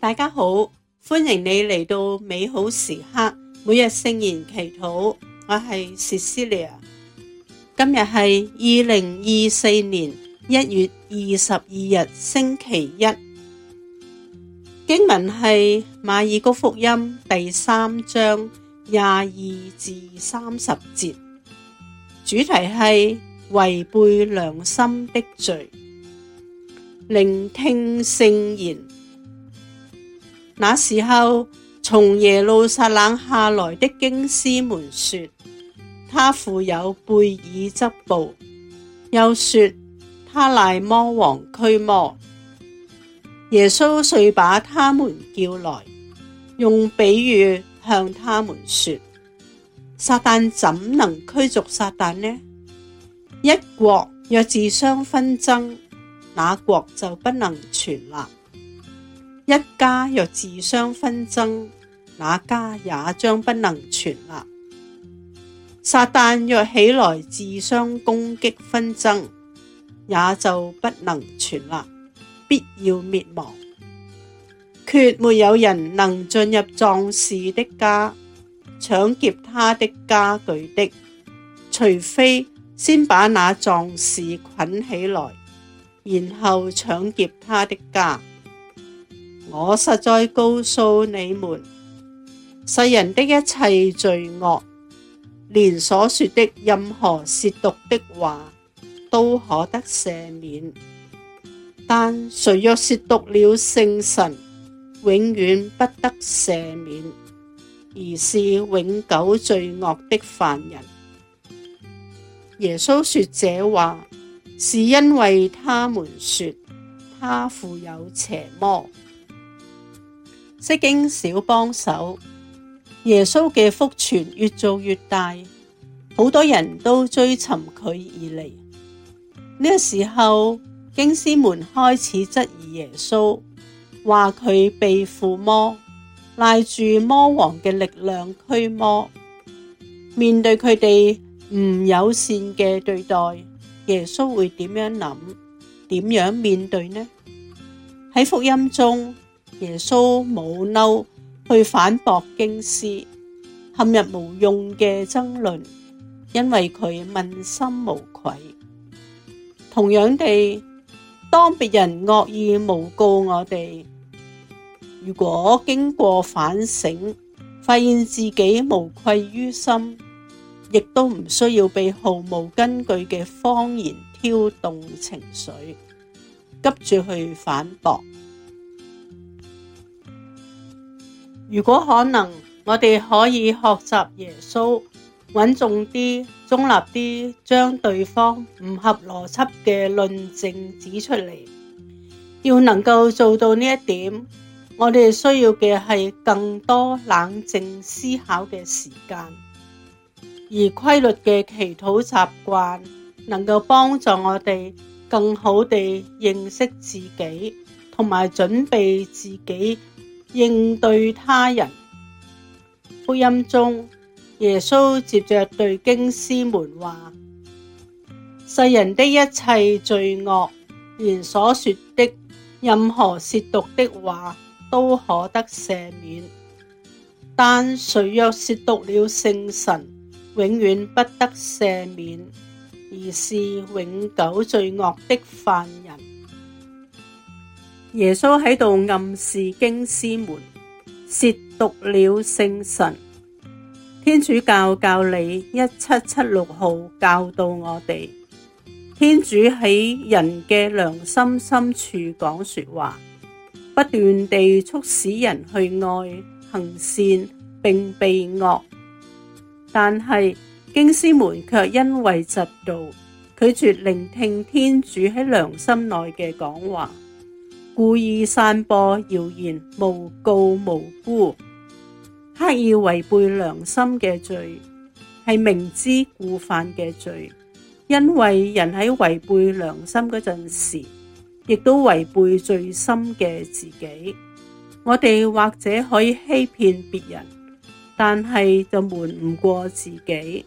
大家好，歡迎你嚟到美好時刻每日聖言祈禱。我係薛思 c 今日係二零二四年一月二十二日星期一。經文係馬爾谷福音第三章廿二至三十節，主題係違背良心的罪。聆聽聖言。那時候，從耶路撒冷下來的經師們說，他附有貝耳則步，又說他賴魔王驅魔。耶穌遂把他們叫來，用比喻向他們說：撒殫怎能驅逐撒殫呢？一國若自相紛爭，那國就不能存立。一家若自相紛爭，那家也將不能存立。撒旦若起來自相攻擊紛爭，也就不能存立，必要滅亡。決沒有人能進入壯士的家，搶劫他的家具的，除非先把那壯士捆起來，然後搶劫他的家。我實在告訴你們，世人的一切罪惡，連所說的任何褻瀆的話，都可得赦免。但誰若褻瀆了聖神，永遠不得赦免，而是永久罪惡的犯人。耶穌說這話，是因為他們說他附有邪魔。釋經小幫手，耶穌嘅福傳越做越大，好多人都追尋佢而嚟。呢、這個時候，經師們開始質疑耶穌，話佢被附魔，賴住魔王嘅力量驅魔。面對佢哋唔友善嘅對待，耶穌會點樣諗？點樣面對呢？喺福音中，耶穌冇嬲，去反駁經師，陷入無用嘅爭論，因為佢問心無愧。同樣地，當別人惡意誣告我哋，如果經過反省，發現自己無愧於心，亦都唔需要被毫無根據嘅謊言挑動情緒，急住去反駁。如果可能，我哋可以學習耶穌，穩重啲、中立啲，將對方唔合邏輯嘅論證指出嚟。要能夠做到呢一點，我哋需要嘅係更多冷靜思考嘅時間，而規律嘅祈禱習慣能夠幫助我哋更好地認識自己，同埋準備自己。應對他人。福音中，耶穌接着對經師們話：世人的一切罪惡，連所說的任何褻瀆的話，都可得赦免；但誰若褻瀆了聖神，永遠不得赦免，而是永久罪惡的犯人。耶穌喺度暗示經師們褻瀆了聖神。天主教教理一七七六號教導我哋，天主喺人嘅良心深處講說話，不斷地促使人去愛、行善並避惡。但係經師們卻因為嫉妒，拒絕聆聽天主喺良心內嘅講話。故意散播謠言、誣告無辜、刻意違背良心嘅罪，係明知故犯嘅罪。因為人喺違背良心嗰陣時，亦都違背最深嘅自己。我哋或者可以欺騙別人，但係就瞞唔過自己。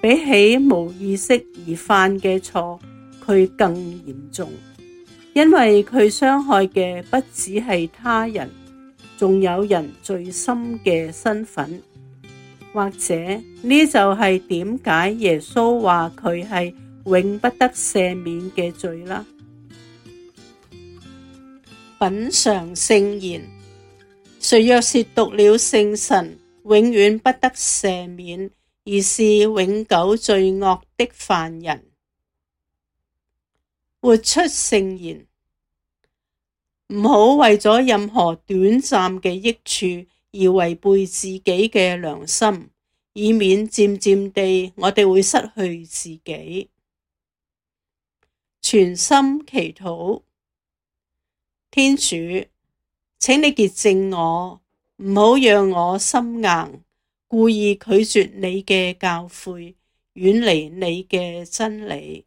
比起無意識而犯嘅錯，佢更嚴重。因為佢傷害嘅不只係他人，仲有人最深嘅身份，或者呢就係點解耶穌話佢係永不得赦免嘅罪啦。品嚐聖言，誰若褻瀆了聖神，永遠不得赦免，而是永久罪惡的犯人。活出聖言，唔好為咗任何短暫嘅益處而違背自己嘅良心，以免漸漸地我哋會失去自己。全心祈禱，天主，請你潔淨我，唔好讓我心硬，故意拒絕你嘅教誨，遠離你嘅真理。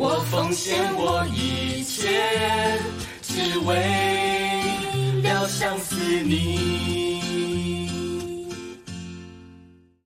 我奉獻我一切，只為了相思你。